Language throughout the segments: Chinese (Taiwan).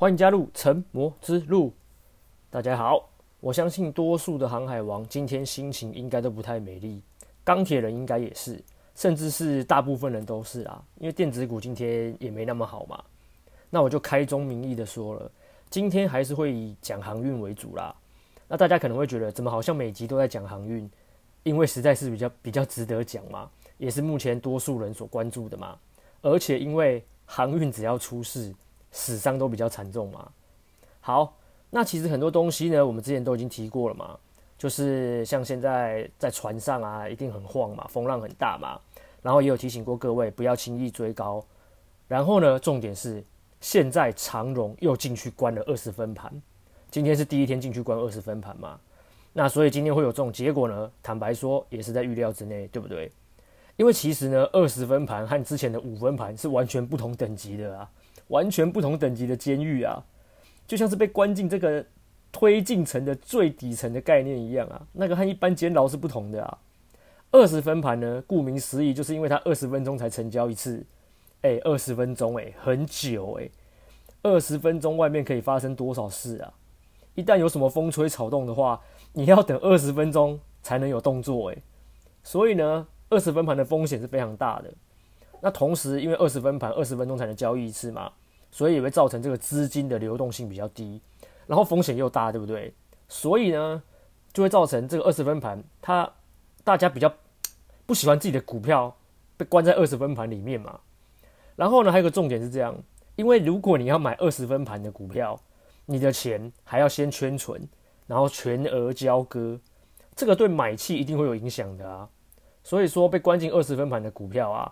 歡迎加入成魔之路。大家好，我相信多數的航海王今天心情應該都不太美麗，鋼鐵人應該也是，甚至是大部分人都是啊，因為電子股今天也沒那麼好嘛。那我就開宗明義的說了，今天還是會以講航運為主啦。那大家可能會覺得，怎麼好像每集都在講航運？因為實在是比較比較值得講嘛，也是目前多數人所關注的嘛。而且因為航運只要出事，死傷都比較慘重嘛。好，那其實很多東西呢，我們之前都已經提過了嘛。就是像現在在船上啊，一定很晃嘛，風浪很大嘛。然後也有提醒過各位不要輕易追高。然後呢，重點是現在長榮又進去關了二十分盤，今天是第一天進去關二十分盤嘛。那所以今天會有這種結果呢，坦白說也是在預料之內，對不對？因為其實呢，二十分盤和之前的五分盤是完全不同等級的啊。完全不同等級的監獄啊，就像是被關進這個推進層的最底層的概念一樣啊，那個和一般監牢是不同的啊。二十分盤呢，顧名思義，就是因為它二十分鐘才成交一次，哎、欸，二十分鐘，哎，很久、欸，哎，二十分鐘外面可以發生多少事啊？一旦有什麼風吹草動的話，你要等二十分鐘才能有動作、欸，哎，所以呢，二十分盤的風險是非常大的。那同時，因為二十分盤二十分鐘才能交易一次嘛，所以也會造成這個資金的流動性比較低，然後風險又大，對不對？所以呢，就會造成這個二十分盤，它大家比較不喜歡自己的股票被關在二十分盤裡面嘛。然後呢，還有一個重點是這樣，因為如果你要買二十分盤的股票，你的錢還要先圈存，然後全額交割，這個對買氣一定會有影響的啊。所以說，被關進二十分盤的股票啊。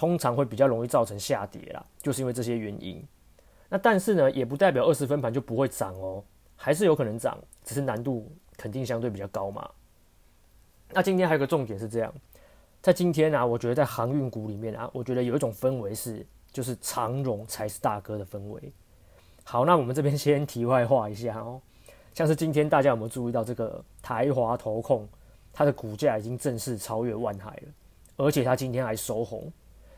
通常會比較容易造成下跌啦，就是因為這些原因。那但是呢，也不代表二十分盤就不會漲哦，還是有可能漲，只是難度肯定相對比較高嘛。那今天還有一個重點是這樣，在今天呢、啊，我覺得在航運股裡面啊，我覺得有一種氛圍是，就是長榮才是大哥的氛圍。好，那我們這邊先題外話一下哦，像是今天大家有沒有注意到這個台華投控，它的股價已經正式超越萬海了，而且它今天還收紅。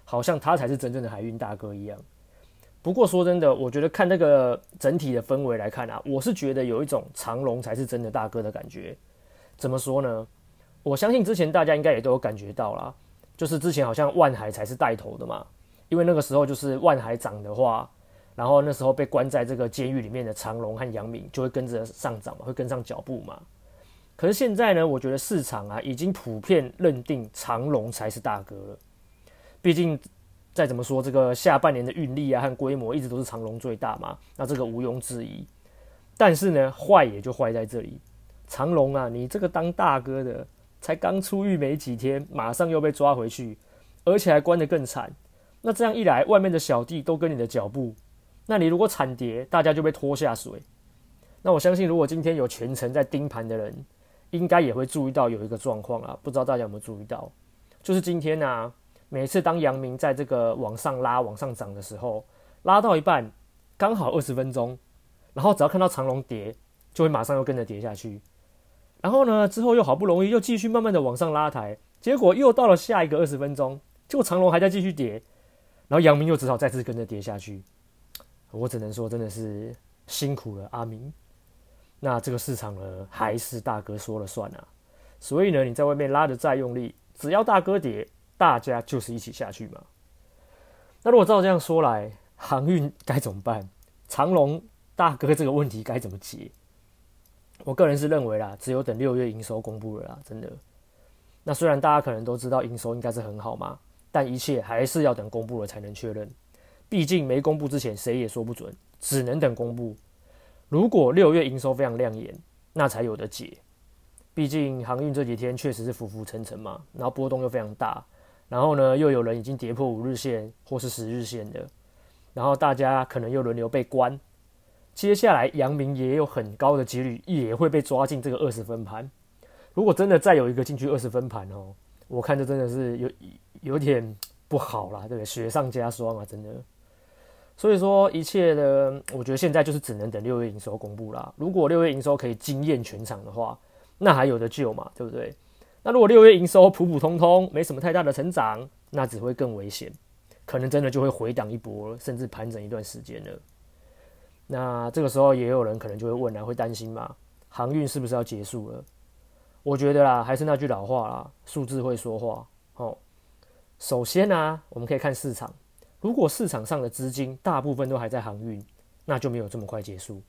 好像他才是真正的海運大哥一樣。不過說真的，我覺得看那個整體的氛圍來看啊，我是覺得有一種長榮才是真的大哥的感覺。怎麼說呢？我相信之前大家應該也都有感覺到啦，就是之前好像萬海才是帶頭的嘛，因為那個時候就是萬海漲的話，然後那時候被關在這個監獄裡面的長榮和陽明就會跟着上漲嘛，會跟上腳步嘛。可是現在呢，我覺得市場啊已經普遍認定長榮才是大哥了。畢竟，再怎麼說，這個下半年的運力啊和規模一直都是長榮最大嘛，那這個毋庸置疑。但是呢，壞也就壞在這裡，長榮啊，你這個當大哥的，才剛出獄沒幾天，馬上又被抓回去，而且還關得更慘。那這樣一來，外面的小弟都跟你的腳步，那你如果慘跌，大家就被拖下水。那我相信，如果今天有全程在盯盤的人，應該也會注意到有一個狀況啊，不知道大家有沒有注意到，就是今天呢、啊。每次當陽明在這個往上拉，往上漲的時候，拉到一半，剛好二十分鐘，然後只要看到長龍跌，就會馬上又跟着跌下去。然後呢，之後又好不容易又繼續慢慢的往上拉抬，結果又到了下一個二十分鐘，結果長龍還在繼續跌，然後陽明又只好再次跟着跌下去。我只能說，真的是辛苦了阿明。那這個市場呢，還是大哥說了算啊。所以呢，你在外面拉得再用力，只要大哥跌，大家就是一起下去嘛。那如果照這樣說來，航運該怎麼辦？長龍大哥這個問題該怎麼解？我個人是認為啦，只有等六月營收公布了啦，真的。那雖然大家可能都知道營收應該是很好嘛，但一切還是要等公布了才能確認。畢竟沒公布之前，誰也說不準，只能等公布。如果六月營收非常亮眼，那才有得解。畢竟航運這幾天確實是浮浮沉沉嘛，然後波動又非常大。然後呢，又有人已經跌破五日線或是十日線的，然後大家可能又輪流被關。接下來，陽明也有很高的幾率也會被抓進這個二十分盤。如果真的再有一個進去二十分盤哦，我看這真的是有有點不好啦，對不對？雪上加霜啊，真的。所以說，一切的，我覺得現在就是只能等六月營收公布啦。如果六月營收可以驚豔全場的話，那還有得救嘛，對不對？那如果六月營收普普通通，沒什麼太大的成長，那只會更危險，可能真的就會回檔一波，甚至盤整一段時間了。那這個時候也有人可能就會問了，會擔心嗎？航運是不是要結束了？我覺得啦，還是那句老話啦，數字會說話哦。首先呢、啊，我們可以看市場，如果市場上的資金大部分都還在航運，那就沒有這麼快結束。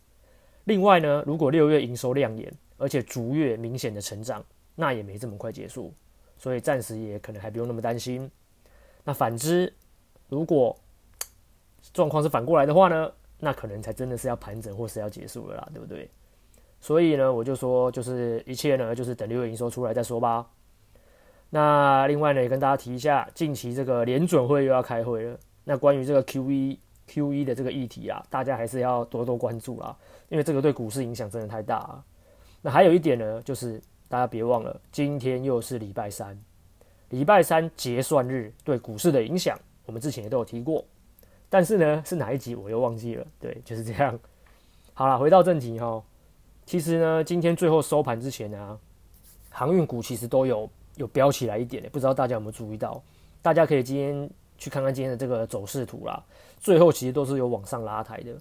另外呢，如果六月營收亮眼，而且逐月明顯的成長。那也沒這麼快結束，所以暫時也可能還不用那麼擔心。那反之，如果狀況是反過來的話呢？那可能才真的是要盤整或是要結束了啦，對不對？所以呢，我就說，就是一切呢，就是等六月營收出來再說吧。那另外呢，也跟大家提一下，近期這個聯準會又要開會了。那關於這個 QE、QE 的這個議題啊，大家還是要多多關注啦，因為這個對股市影響真的太大啊。那還有一點呢，就是。大家別忘了，今天又是禮拜三，禮拜三結算日對股市的影響，我們之前也都有提過。但是呢，是哪一集我又忘記了。對，就是這樣。好了，回到正題哈、喔。其實呢，今天最後收盤之前呢，啊，航運股其實都有有飆起來一點的，不知道大家有沒有注意到？大家可以今天去看看今天的這個走勢圖啦。最後其實都是有往上拉抬的，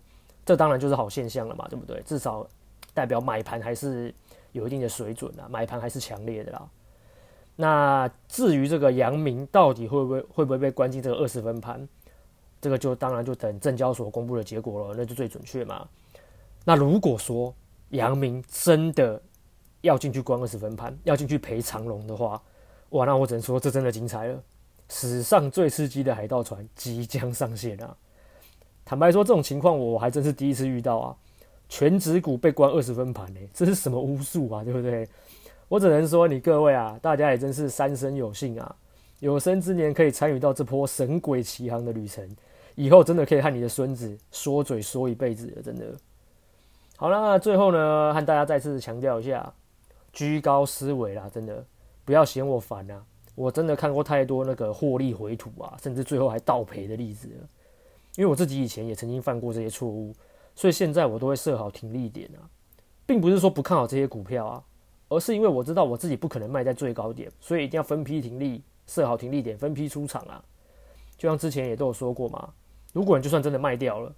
這當然就是好現象了嘛，對不對？至少代表買盤還是有一定的水準啊，買盤還是強烈的啦。那至於這個陽明到底會不會會不會被關進這個二十分盤，這個就當然就等證交所公布的結果了，那就最準確嘛。那如果說陽明真的要進去關二十分盤，要進去陪長龍的話，哇，那我只能說這真的精彩了，史上最刺激的海盜船即將上線啊！坦白說，這種情況我還真是第一次遇到啊。全指股被關二十分盤，這是什麼巫術啊？對不對？我只能說，你各位啊，大家也真是三生有幸啊，有生之年可以參與到這波神鬼奇航的旅程，以後真的可以和你的孫子說嘴說一輩子了，真的。好了，最後呢，和大家再次強調一下，居高思維啦，真的不要嫌我煩啊，我真的看過太多那個獲利回吐啊，甚至最後還倒賠的例子了，因為我自己以前也曾經犯過這些錯誤。所以現在我都會設好停利點啊，並不是說不看好這些股票啊，而是因為我知道我自己不可能賣在最高點，所以一定要分批停利，設好停利點，分批出場啊。就像之前也都有說過嘛，如果你就算真的賣掉了，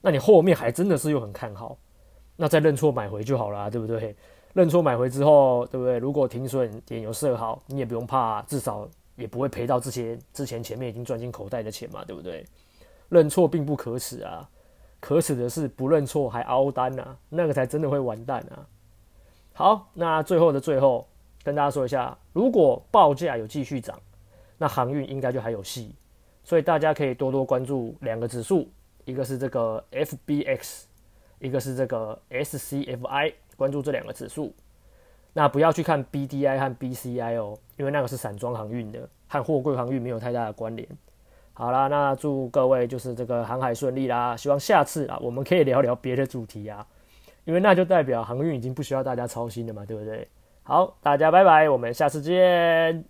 那你後面還真的是又很看好，那再認錯買回就好啦，對不對？認錯買回之後，對不對？如果停損點有設好，你也不用怕，至少也不會賠到這些之前前面已經賺進口袋的錢嘛，對不對？認錯並不可恥啊。可恥的是不認錯還凹單呢、啊，那個才真的會完蛋啊！好，那最後的最後跟大家說一下，如果報價有繼續漲，那航運應該就還有戲，所以大家可以多多關注兩個指數，一個是這個 FBX，一個是這個 SCFI，關注這兩個指數。那不要去看 BDI 和 BCI 哦，因為那個是散裝航運的，和貨櫃航運沒有太大的關聯。好啦，那祝各位就是這個航海順利啦。希望下次啊，我們可以聊聊別的主題啊，因為那就代表航運已經不需要大家操心了嘛，對不對？好，大家拜拜，我們下次見。